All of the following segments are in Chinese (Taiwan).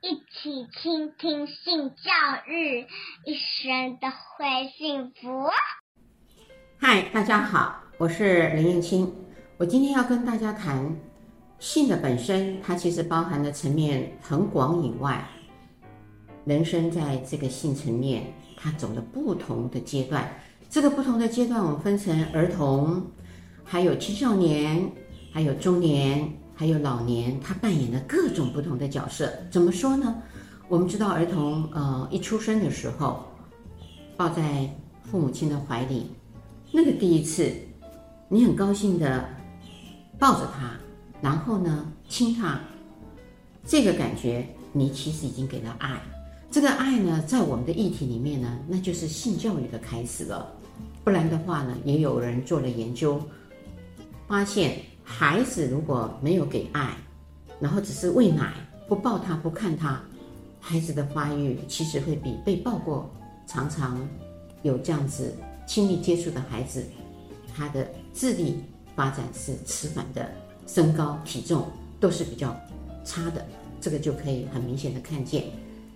一起傾聽性教育，一生都會幸福。嗨，大家好，我是林燕青。我今天要跟大家談性的本身，它其實包含的層面很廣以外，人生在這個性層面，它走了不同的階段。這個不同的階段，我們分成兒童，還有青少年，還有中年。還有老年，他扮演的各種不同的角色，怎麼說呢？我們知道，兒童呃一出生的時候，抱在父母親的懷裡，那個第一次，你很高興的抱着他，然後呢親他，這個感覺你其實已經給了愛。這個愛呢，在我們的議題裡面呢，那就是性教育的開始了。不然的話呢，也有人做了研究，發現。孩子如果沒有給愛，然後只是餵奶，不抱他，不看他，孩子的發育其實會比被抱過、常常有這樣子親密接觸的孩子，他的智力發展是遲緩的，身高、體重都是比較差的，這個就可以很明顯的看見。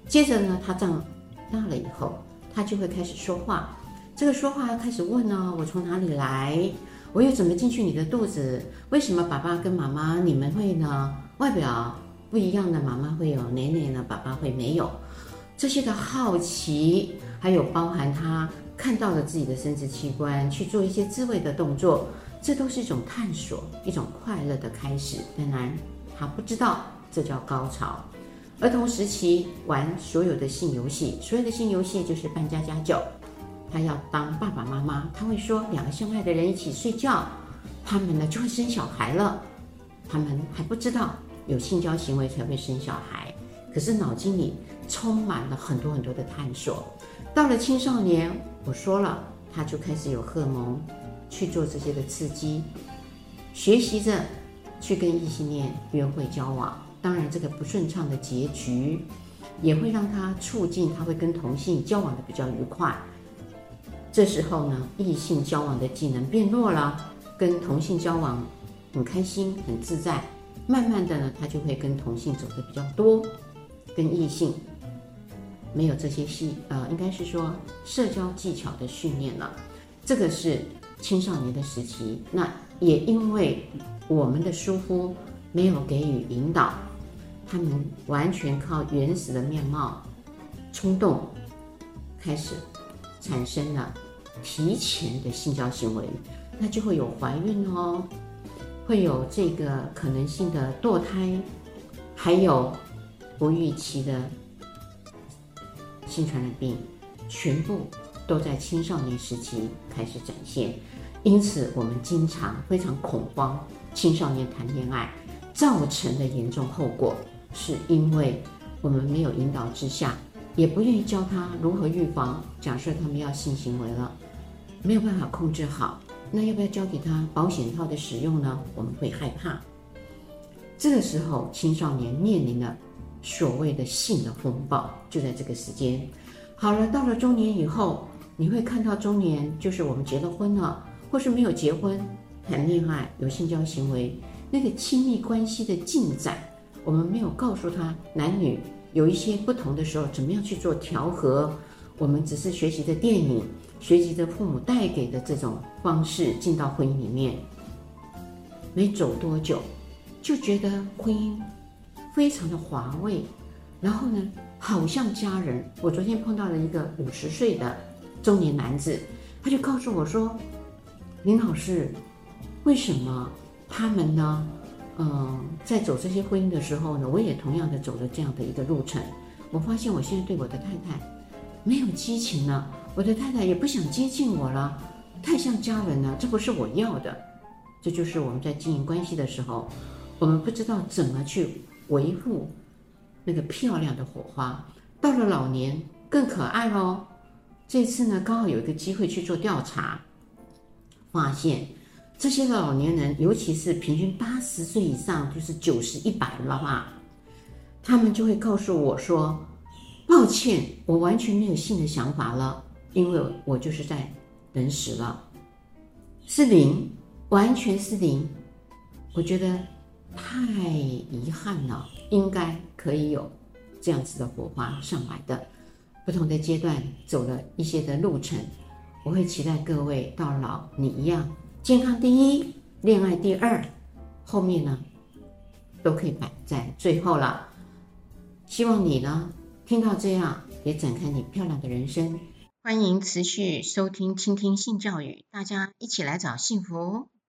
接着呢，他長大了以後，他就會開始說話，這個說話要開始問呢、哦，我從哪裡來？我又怎麼進去你的肚子？為什麼爸爸跟媽媽你們會呢？外表不一樣的媽媽會有，奶奶呢？爸爸會沒有？這些的好奇，還有包含他看到了自己的生殖器官，去做一些自慰的動作，這都是一種探索，一種快樂的開始。當然，他不知道這叫高潮。兒童時期玩所有的性遊戲，所有的性遊戲就是扮家家酒。他要當爸爸媽媽，他會說兩個相愛的人一起睡覺，他們呢就會生小孩了。他們還不知道有性交行為才會生小孩，可是腦筋裡充滿了很多很多的探索。到了青少年，我說了，他就開始有荷爾蒙去做這些的刺激，學習着去跟異性戀約會交往。當然，這個不順暢的結局也會讓他促進，他會跟同性交往的比較愉快。這時候呢，異性交往的技能變弱了，跟同性交往很開心、很自在。慢慢的呢，他就會跟同性走得比較多，跟異性沒有這些系呃，應該是說社交技巧的訓練了。這個是青少年的時期，那也因為我們的疏忽，沒有給予引導，他們完全靠原始的面貌、衝動，開始產生了。提前的性交行為，那就會有懷孕哦，會有這個可能性的墮胎，還有不預期的性傳染病，全部都在青少年時期開始展現。因此，我們經常非常恐慌青少年談戀愛造成的嚴重後果，是因為我們沒有引導之下，也不願意教他如何預防。假設他們要性行為了。沒有辦法控制好，那要不要教給他保險套的使用呢？我們會害怕。這個時候，青少年面臨了所謂的性的風暴，就在這個時間。好了，到了中年以後，你會看到中年就是我們結了婚了，或是沒有結婚談戀愛有性交行為，那個親密關係的進展，我們沒有告訴他男女有一些不同的時候，怎麼樣去做調和。我們只是學習的電影。隨着父母帶給的這種方式進到婚姻裡面，沒走多久，就覺得婚姻非常的乏味，然後呢，好像家人。我昨天碰到了一個五十歲的中年男子，他就告訴我說：“林老師，為什麼他們呢？嗯、呃，在走這些婚姻的時候呢，我也同樣的走了這樣的一個路程。我發現我現在對我的太太沒有激情了。”我的太太也不想接近我了，太像家人了，這不是我要的。這就是我們在經營關係的時候，我們不知道怎麼去維護那個漂亮的火花。到了老年更可愛哦。這次呢，剛好有一個機會去做調查，發現這些老年人，尤其是平均八十歲以上，就是九十、一百了，的話，他們就會告訴我說：“抱歉，我完全沒有性的想法了。”因為我就是在等死了，是零，完全是零，我覺得太遺憾了。應該可以有這樣子的火花上來的，不同的階段走了一些的路程，我會期待各位到老你一樣，健康第一，戀愛第二，後面呢都可以擺在最後了。希望你呢聽到這樣也展開你漂亮的人生。歡迎持續收聽傾聽性教育，大家一起來找幸福。